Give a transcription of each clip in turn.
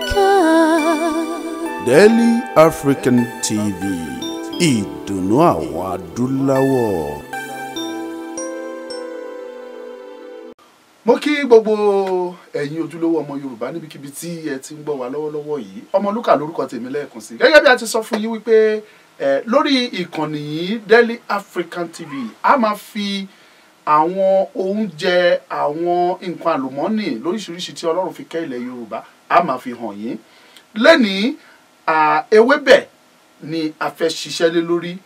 Africa. Daily African TV ìdùnnú àwọn adúláwọ̀. mo kí gbogbo ẹ̀yin ojúlówó ọmọ yorùbá níbikíbi tí ẹ ti ń gbọ́ wá lọ́wọ́lọ́wọ́ yìí ọmọlúkà lórúkọ tèmi lẹ́ẹ̀kan sí gẹ́gẹ́ bí a ti sọ fún yín wípé lórí ìkànnì yìí Daily African TV a máa fi àwọn oúnjẹ àwọn nǹkan àlùmọ́nì lóríṣiríṣi tí ọlọ́run fi kẹ́ ilẹ̀ yorùbá a máa fi hàn yín lẹ́nìí ewébẹ̀ ni a fẹ́ ṣiṣẹ́ lé lórí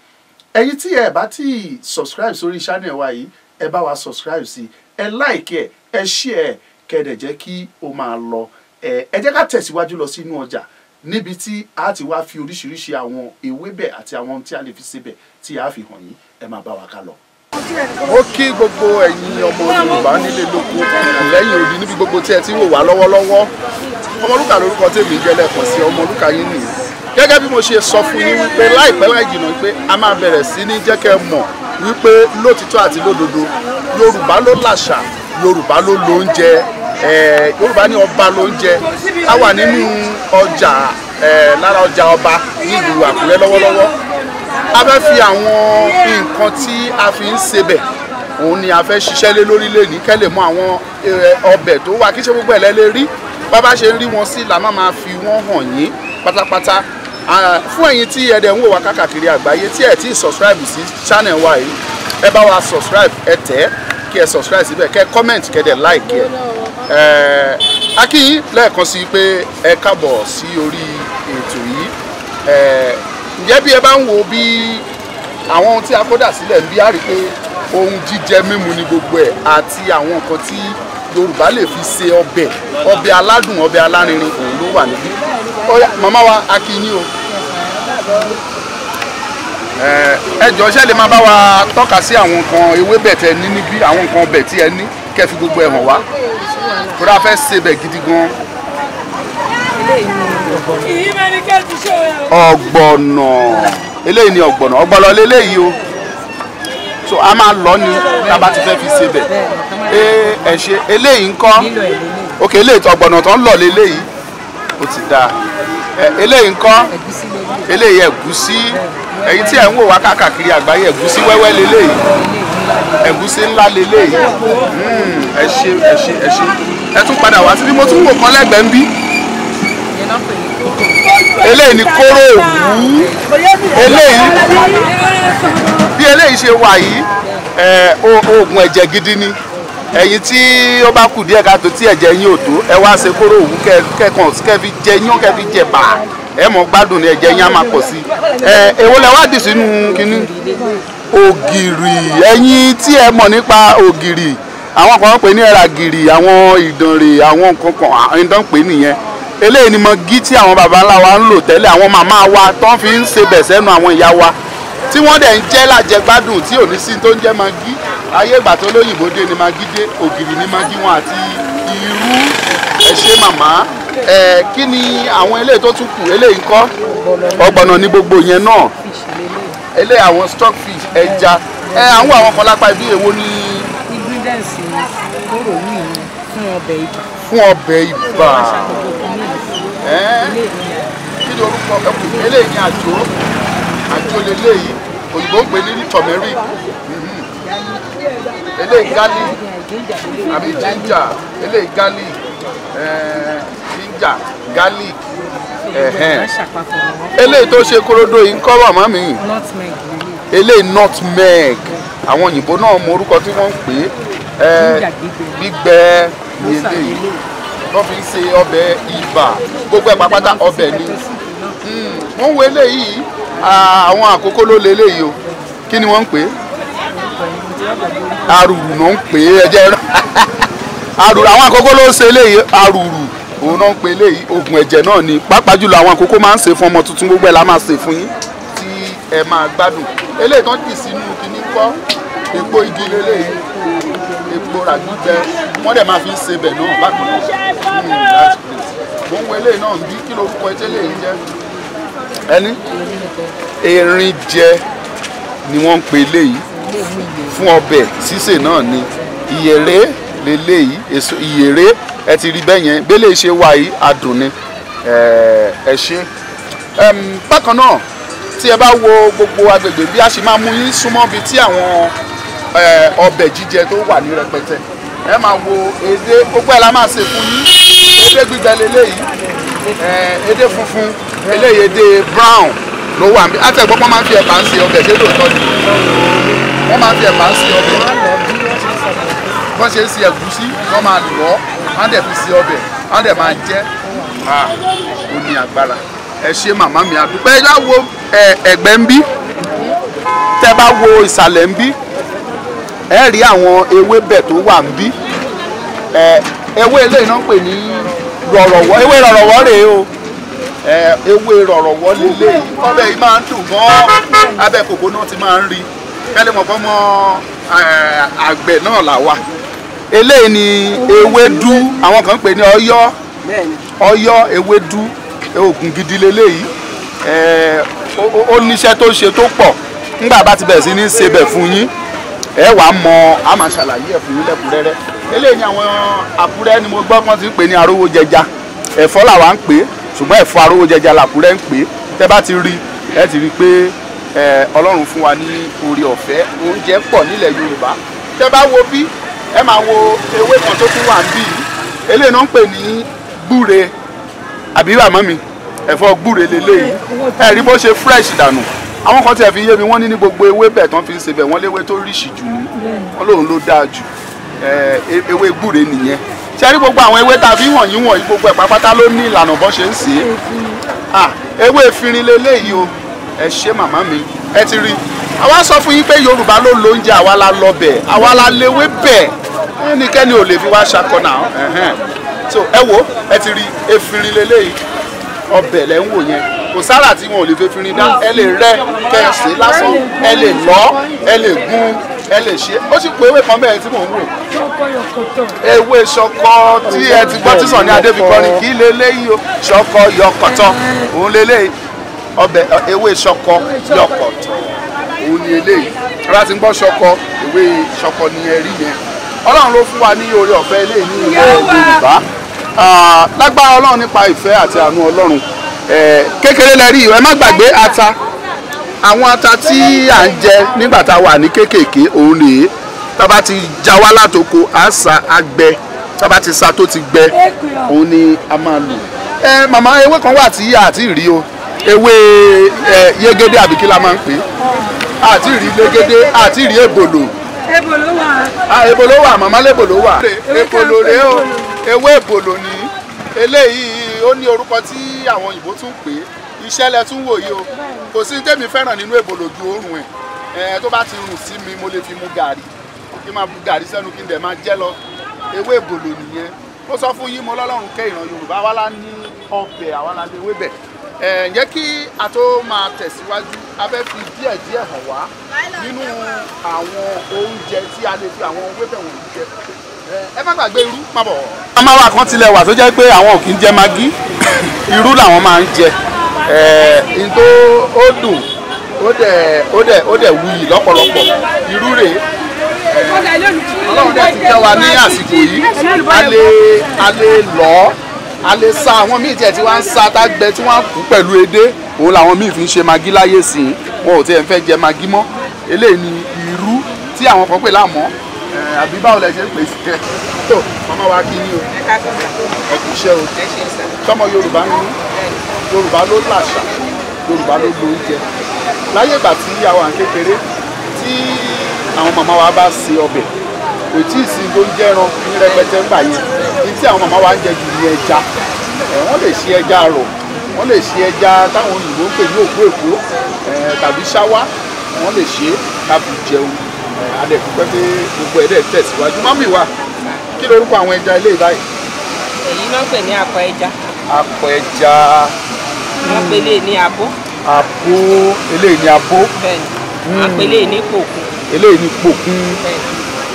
ẹ̀yin tí ẹ bá ti subscribe sórí channel wa yìí ẹ bá wa subscribe sí ẹ like ẹ ẹ share ẹ kẹ́dẹ̀ jẹ́ kí o máa lọ ẹ jẹ́ ká tẹ̀síwájú lọ sínú ọjà níbi tí a ti wá fi oríṣiríṣi àwọn ewébẹ̀ àti àwọn tí a lè fi sebẹ̀ tí a fi hàn yín ẹ máa bá wa ká lọ ó kí gbogbo ẹ̀yin ọmọ yorùbá nílé lóko lẹ́yìn òbí níbi gbogbo tí ẹ ti wò wá lọ́wọ́lọ́wọ́ ọmọlúkà lórúkọ tèmi jẹ́ lẹ́ẹ̀kan sí ọmọlúkà yín nìyí gẹ́gẹ́ bí mo ṣe sọ fún yín wípé láìpẹ́ láì jìnnà pé a máa bẹ̀rẹ̀ sí ní jẹ́ kẹ́ mọ̀ wípé lótìtọ́ àti lódodo yorùbá ló làṣà yorùbá ló lóúnjẹ yorùbá ní ọba lóúnjẹ a wà nínú ọjà lára ọjà ọba nílùú àkúrẹ́ lọ́wọ́lọ́wọ́ a fẹ́ fi àwọn nǹkan tí a fi ń sebẹ̀ òun ni a fẹ́ ṣiṣẹ́ lé lórílẹ̀ ní àwọn ọbẹ̀ tó wà kí ṣe gbogbo ẹ̀ lẹ́lẹ́ rí bàbá ṣe rí wọn sí la máa máa fi wọ́n hàn yín pátápátá fún ẹ̀yin tí ẹ̀dẹ̀ ń wò wá káàkiri àgbáyé tí ẹ̀ tí ì subscribe sí channel wa yìí ẹ bá wa subscribe ẹ tẹ̀ kí ẹ subscribe síbẹ̀ kẹ́ comment kẹ́ dẹ̀ like ẹ akíyín lẹ́ẹ̀kan sí pé ẹ káàbọ̀ sí orí ètò yìí ǹjẹ́ bí ẹ bá ń wo bí àwọn ohun tí a kó dà sílẹ̀ ń bí á rí i pé ohun jíjẹ mímu ni gbogbo ẹ̀ àti àwọn nǹkan tí yorùbá lè fi ṣe ọbẹ̀ ọbẹ̀ aládùn ọbẹ̀ alárinrin òun ló wà níbí ọyá màmá wa a kí yín o ẹ jọ̀ọ́ ṣé lè máa bá wa tọ́ka sí àwọn nǹkan ewébẹ̀ tẹ ní níbí àwọn nǹkan ọbẹ̀ tí ẹ ní kẹ́ fi gbogbo ẹ̀ hàn wá kó dáa fẹ́ ṣe bẹ̀ gidi gan. ọ̀gbọ̀nà eléyìí ni ọ̀gbọ̀nà ọ̀gbọ̀nà lélẹ́yìí o so a máa lọ ni tá a bá ti fẹ́ fi ṣe bẹ̀ ee ẹ ṣe eléyìí ńkọ́ ok eléyìí tó ọ̀gbọ̀nà tó ń lọ léléyìí ó ti dáa eléyìí ńkọ́ eléyìí ẹ̀gúsí ẹ̀yin tí ẹ̀ ń wò wá káàkiri àgbáyé ẹ̀gúsí wẹ́wẹ́ léléyìí ẹ̀gúsí ńlá léléyìí ẹ ṣe hmm, ẹ ṣe ẹ ṣe ẹ tún padà wá síbi mo tún wò kán lẹ́gbẹ̀ẹ́ ń bí eléyìí ni kóró òwú eléyìí bí eléyìí ṣe wà yìí oògùn ẹ̀jẹ̀ gidi ni ẹ̀yin tí ó bá kù díẹ̀ káàtó tí ẹ̀jẹ̀ yín ò tó ẹ wá ṣe kóró òwú kẹ́kàn kẹ́fi jẹ yán kẹ́fi jẹ bà ẹ mọ̀ gbádùn ní ẹ̀jẹ̀ yín á máa pọ̀ sí i ẹ èwo lẹ wá dì sínú kínní ògìrì ẹ̀yin tí ẹ mọ̀ nípa ògìrì àwọn kan pè ní ẹ̀rà gìrì àwọn ìdànrè àwọn kankan ìdán pè nìyẹn eléyìí ni mo gí tí àwọn baba ńlá wa ń lò tẹ́lẹ̀ àwọn màmá wa tó ń fi ń ṣe bẹ̀ sẹ́nu àwọn ìyá wa tí wọ́n dẹ̀ ń jẹ́ lájẹgbádùn tí ò ní sí tó ń jẹ́ magi ayé ìgbà tó lóyìnbó dé ni magi dé ògìrì ni magi wọn àti irú ẹ ṣe màmá ẹ kí ni àwọn eléyìí tó tún kù eléyìí ńkọ́ ọgbọ̀nà ní gbogbo yẹn náà eléyìí àwọn stockfish ẹja ẹ àwọn àwọn kọlápá ibi èwo ni. ingredients kóró mi fún ọbẹ̀ ibà. fún ọbẹ̀ ibà kí ni orúkọ eléyìí ni àjò àjò lélẹ́yìí òyìnbó ń pè ní turmeric mhm. eléyìí garlic àbí ginger eléyìí garlic eh, ginger garlic eléyìí tó ṣe korodo yìí ń kọ́ wà mọ́ mi eléyìí nutmeg àwọn òyìnbó náà mọ orúkọ tí wọ́n ń pè é eh, gbígbẹ ní wọ́n fi ń ṣe ọbẹ̀ ibà gbogbo ẹ̀ pápátá ọbẹ̀ ni hmm. wọ́n wo eléyìí àwọn àkókò ló lé eléyìí o kí ni wọ́n ń pè é arùrù ló ń pè é ẹ̀jẹ̀ rẹ̀ arùrù àwọn àkókò ló ń ṣe eléyìí arùrù òun náà ń pè eléyìí oògùn ẹ̀jẹ̀ náà ni pàápàá jùlọ àwọn àkókò máa ń ṣe fún ọmọ tuntun gbogbo ẹ̀ la máa ṣe fún yín tí ẹ máa gbádùn eléyìí tán kì sínú kíní kọ́ epo igi leléyìí epo ràdújẹ wọ́n dẹ̀ máa fi ń ṣe bẹ̀ náà bákan náà hmm, mo ń wọ eléyìí náà bí kí ló kọ ẹjẹ́ ẹni erin jẹ ni wọ́n ń pe eléyìí fún ọbẹ̀ sísè náà ni ìyèrè leléyìí èso ìyèrè ẹ ti rí bẹ́ẹ̀ yẹn bẹ́ẹ̀ lè ṣe wà yìí adùn ni ẹ ṣe bákan náà tí ẹ bá wo gbogbo agbègbè bí a ṣe máa mú yín súnmọ́ bí tí àwọn ọbẹ̀ jíjẹ tó wà ní rẹpẹtẹ ẹ máa wo èdè gbogbo ẹ̀ la máa ṣe fún yín èdè gbígbẹ leléyìí èdè funfun eléyèdè brown ló wà níbi àtẹ̀gbọ́n wọn máa ń fi ẹ̀bà ń se ọbẹ̀ ṣé lóòótọ́ ni wọ́n máa ń fi ẹ̀bà ń se ọbẹ̀ wọ́n ṣe ń se ẹ̀gúsí wọ́n máa lọ́ wọ́n dẹ̀ fi se ọbẹ̀ wọ́n dẹ̀ máa jẹ́ ó ní agbára ẹ ṣe màmá mi àdúpẹ́ ẹ yá wo ẹ̀gbẹ́ ń bí tẹ́ bá wo ìsàlẹ̀ ń bí ẹ rí àwọn ewébẹ̀ tó wà ń bí ewé eléyìí náà ń pè ní rọ̀rọ̀wọ́ ewé rọ̀rọ̀wọ́ rèé o ewé rọ̀rọ̀wọ́ lílé ọbẹ̀ yìí máa ń dùn mọ́ abẹ́ kòkó náà ti máa ń rí kẹ́lẹ́ mọ̀ fọ́mọ àgbẹ̀ náà là wà eléyìí ni ewédú àwọn kan ń pè ní ọ̀yọ̀ ọ̀yọ̀ ewédú oògùn gidi leléyìí ó níṣẹ́ tó ṣe tó pọ̀ nígbà bá ti bẹ̀rẹ̀ sí ní ṣe bẹ̀ fún yín ẹ wàá mọ a ṣàlàyé ẹ̀ fún yín lẹ́kùnrẹ́rẹ́ eléyìí ni àwọn Àkúrẹ́ ni mo gbọ́ kán ti ń pè ní arówó jẹja ẹ̀fọ́ làwa ń pè é ṣùgbọ́n ẹ̀fọ́ arówó jẹjẹ làkúrẹ́ ń pè é tẹ́ bá ti rí ẹ ti rí i pé ọlọ́run fún wa ní orí ọ̀fẹ́ oúnjẹ pọ̀ nílẹ̀ yorùbá tẹ́ bá wo bí ẹ máa wo ewé kan tó tún wà ń bì í eléyìí náà ń pè ní gbúre àbí bàmọ́ mi ẹ̀fọ́ gbúre leléyìí ẹ rí bó ṣe fresh dànù àwọn kan tiẹ̀ fi yé mi wọ́n ní ní gbogbo ewé bẹ̀ tán fi ń ṣe bẹ̀ wọ́n léwé tó ríṣì jù ní ọlọ́run ló dáa jù e-, ewé gbúre nìyẹn ṣe rí gbogbo àwọn ewé tàbí wọ̀nyí wọ̀nyí gbogbo ẹ̀ pápátá ló ní ìlànà bó ṣe ń sè ewé efirin leléyìí o ẹ ṣe màmá mi ẹ ti rí àwa sọ fún yín pé yorùbá ló lo oúnjẹ àwa la lọ bẹ̀ àwa la léwé bẹ̀ ẹnikẹ́ni ò lè fi wá ṣakọ̀nà so ẹ wo ẹ ti rí efirin leléyìí ọbẹ̀ lẹ́ ń wò yẹn kò sára tí wọn ò lè fi efirin dá ẹ lè rẹ́ kẹ́ ẹ sè é lásán ẹ lè lọ́ ẹ lè gún ẹ lè ṣe ó sì pé ewé kan bẹ́ẹ̀ tí mò ń wò. ewé ṣọkọ tí ẹ ti gbọ́ tí Sunny Adé fi kọrin kì í leléyìí o ṣọkọ yọkọ̀tọ̀ òun leléyìí ọbẹ̀ ewé ṣọkọ yọkọ̀tọ̀ òun ni eléyìí ara ti ń gbọ́ ṣọkọ ewé ṣọkọ ni ẹ rí yẹn ọlọ́run ló fún wa ní oore ọ̀fẹ́ eléyìí ní ilẹ̀ Yorùbá lágbára ọlọ́run nípa ìfẹ́ àti àánú ọlọ́run kékeré lẹ rí ìwé má gbàgbé ata àwọn ata tí à ń jẹ nígbà tá a wà ní kéékèèké òun rèé tá a bá ti já wá látoko à ń sa agbẹ tá a bá ti sa tó ti gbẹ òun ni a máa lò. ẹ màmá ewé kan wà tí a ti rí o ewé ẹ yégédé àbí kí la máa ń pè é a ti rí yégédé a ti rí èbòlò. èbòlò wà. a èbòlò wà màmá lébòlò wà. èbòlò rèé o ewé èbòlò ni eléyìí ó ní orúkọ tí àwọn òyìnbó tún pè é iṣẹ́ lẹ tún wò yìí o kò sí tèmi fẹ́ràn nínú èbò lójú oorun ẹ̀ tó bá ti rùn sí mi mo lè fi mu gàrí kí n máa bu gàrí sẹ́nu kí n dẹ̀ máa jẹ́ lọ ewé èbòlò nìyẹn mo sọ fún yín mo lọ́lọ́run kẹ́ ìran Yorùbá wa la ní ọbẹ̀ àwa la lè wébẹ̀ ẹ̀ ǹjẹ́ kí a tó máa tẹ̀síwájú a fẹ́ fi díẹ̀ díẹ̀ hàn wá nínú àwọn oúnjẹ tí a lè fi àwọn wébẹ̀ wọ̀nyí jẹ ẹ má gbàgbé irú má bọ̀. a máa wà kan tilẹ̀ wà tó jẹ́ pé àwọn ò kì í jẹ magí irú làwọn máa ń jẹ Eh, n tó ó dùn ó dẹ̀ ó dẹ̀ ó dẹ̀ wuyì lọ́pọ̀lọpọ̀ irú rè ọlọ́run dẹ̀ ti kẹ́ wa ní àsìkò yìí a lè a lè lọ́ a lè sa àwọn míì tiẹ̀ tí wọ́n ń sa tágbẹ́ tí wọ́n kú pẹ̀lú edé òun làwọn míì fi ń ṣe magi láyé sí i wọn ò tiẹ̀ fẹ́ jẹ magi mọ́ eléyìí ni irú tí àwọn kan pè láàmọ́ eh, àbí báwo lẹ ṣe ń pèsè ẹ tó ọmọ wa kí ni o ẹ kú iṣẹ́ o tọmọ Yorùbá nínú yorùbá ló làṣà yorùbá ló lo oúnjẹ láyé ìgbà tí a wà tí àwọn màmá wa bá se ọbẹ̀ kò tí ì sí oúnjẹ ẹran ní rẹpẹtẹ ń bà yẹn ní tí àwọn màmá wa ń jẹ jù ní ẹja wọ́n lè ṣe ẹja rọ̀ wọ́n lè ṣe ẹja táwọn òyìnbó ń pè ní òkú èkó tàbí ṣáwá wọ́n lè ṣe tàbí jẹun adẹ̀kúpẹ́ pé gbogbo ẹ̀dẹ̀ tẹ̀síwájú mọ́mì wa kí lorúkọ àwọn ẹja ilé ìbáyìí. èyí náà pè ní àpọ̀ ẹja. àpọ̀ ẹja wọ́n pe apo ní abó. abó eléyìí ní abó. bẹ́ẹ̀ni wọ́n hmm. pe eléyìí ní pòkun. eléyìí ní pòkun. bẹ́ẹ̀ni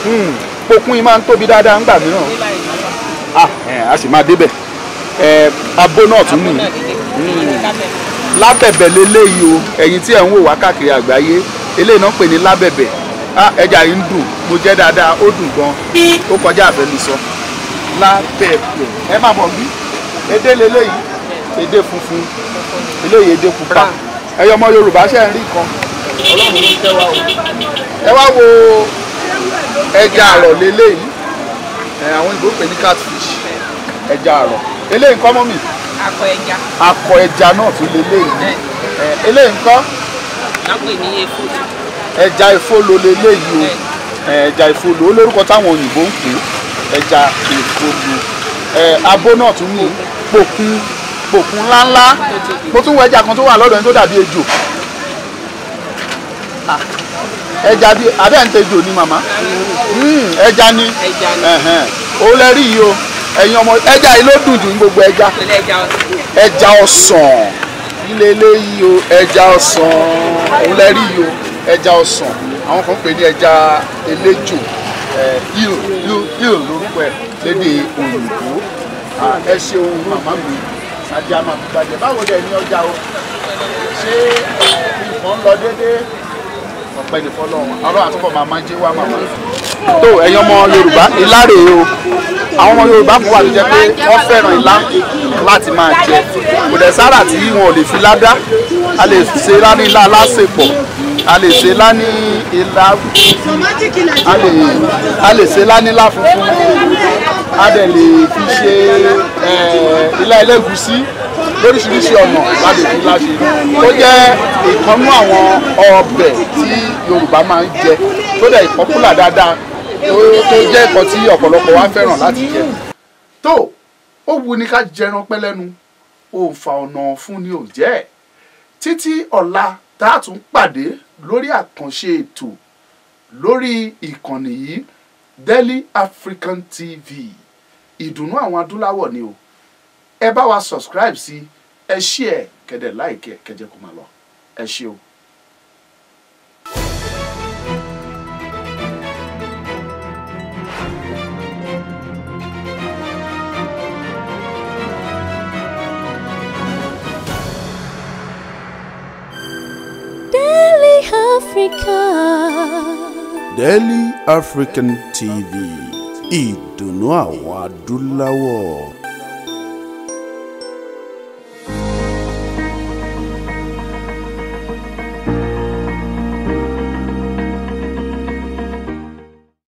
hmm. pòkun yìí máa ń tóbi dáadáa ńgbà mìíràn. Ah, eh, a sì máa débẹ̀ eh, abó náà tún nìyí hmm. lábẹ̀bẹ̀ leléyìí o ẹ̀yin tí ẹ̀ ń wò wá káàkiri àgbáyé eléyìí náà pè ní lábẹ̀bẹ̀ ah, ẹja yìí ń dùn mo jẹ́ dáadáa ó dùn gan ó kọjá àfẹnusọ lábẹ̀bẹ̀ ẹ má bọ̀ bí edé leléyìí èdè funfun eléyìí èdè pupa ẹyọ ọmọ yorùbá ṣe ń rí kan ọlọ́run ló ń tẹ́ wa o ẹ wá wo ẹja àrọ̀ lélẹ́yìí àwọn ìbò pè ní catfish ẹja àrọ̀ eléyìí nǹkan mọ́ mi akọ ẹja akọ ẹja náà tún lélẹ́yìí eléyìí nǹkan ẹja ìfolo lélẹ́yìí o ẹja ìfolo olórúkọ táwọn òyìnbó ń pè ẹja ìfolo abo náà tún ní pòkun òkun ńláńlá mo tún wọ ẹja kan tó wà lọ́dọ̀ ẹni tó dàbí ejò ẹja bíi abẹ́ ń tejò ni màmá hmm, ẹja ni ó lẹ́rí yìí o ẹ̀yin ọmọ ẹja yìí ló dùn jù ní gbogbo ẹja ẹja ọ̀sán ilé eléyìí o ẹja ọ̀sán òun lẹ́rí yìí o ẹja ọ̀sán àwọn kan pè ní ẹja eléjò yìí lórúkọ ẹ̀ lédè òyìnbó ẹ ṣeun màmá mi àti àmàbùgbàjẹ́ báwo dẹ̀ ní ọjà o ṣé nǹkan lọ déédéé ọpẹ́ ní fọlọ́run ọlọ́run àtúbọ̀ máa máa jẹ́ wá màmá. tó ẹ̀yin ọmọ yorùbá ilá o àwọn ọmọ yorùbá kan wà tó jẹ́ pé wọ́n fẹ́ràn ilá láti máa jẹ kò dẹ̀ sára tí wọn ò lè fi ládá a lè ṣe ilá ní ilá alásèpọ̀ a lè ṣe ilá ilá a lè ṣe ilá ilá funfun a dẹ̀ lè fi ṣe ilá ẹlẹ́gùsí lóríṣiríṣi ọ̀nà láti fi láṣẹ tó jẹ́ ìkànnú àwọn ọbẹ̀ tí Yorùbá máa ń jẹ tó dẹ̀ ìpọ́pùlà dáadáa tó jẹ́ ẹ̀kọ́ tí ọ̀pọ̀lọpọ̀ wa fẹ́ràn láti jẹ. tó ó wu ni ká jẹran pẹ́ lẹ́nu òǹfà ọ̀nà fún ni ò jẹ́ ẹ̀ títí ọ̀la tá a tún pàdé lórí àkànṣe ètò lórí ìkànnì yìí Delhi African TV ìdùnnú àwọn adúláwọ̀ ni o ẹ bá wa subscribe sí ẹ ṣí ẹ kẹdẹ láìkẹ kẹjẹ kó máa lọ ẹ ṣé o. Daily African TV ìdùnnú àwọn adúláwọ̀.